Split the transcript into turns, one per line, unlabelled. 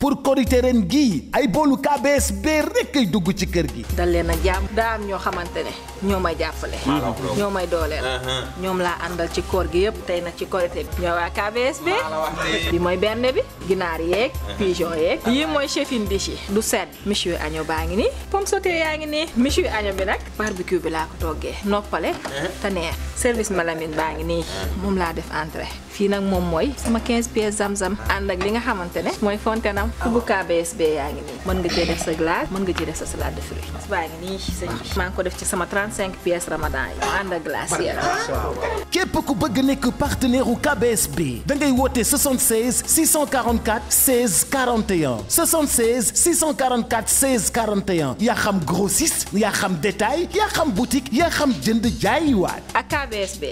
pour korite ren gii ay boolu KBS bee ay dugg ci kër gi.
dal leen a jàmm daa am ñoo xamante ne ñoo may jàppale. ñoo may dooleel. Uh-huh. ñoom laa àndal ci koor gi yëpp tey nag ci korite bi. ñoo waa KBS mooy benn bi. ginaar yeeg. Uh-huh. pigeon yeeg. yii mooy chefin dish yi. du sedd monsieur año baa ngi nii. pomme sautée yaa ngi nii monsieur año bi nag. barbecue bi laa ko toggee noppale. Uh-huh. te neex service malamine baa ngi nii. moom laa def entrée. fii nag moom mooy sama 15 pièces zam-zam. ànd ak li nga xamante ne mooy fontenam kubu KBSB yaa ngi nii mën nga cee def sa glace mën nga cee def sa salade de fruits baa ngi nii sëñ bi maa ngi ko def ci sama 35 pièces ramadan yi mu ànd ak glace
képp ku bëgg nekk partenaire u KBSB da ngay woote 76 644 16 41 76 644 16 41 yaa xam grossiste yaa xam détail yaa xam boutique yaa xam jënd jaay waat
ak KBSB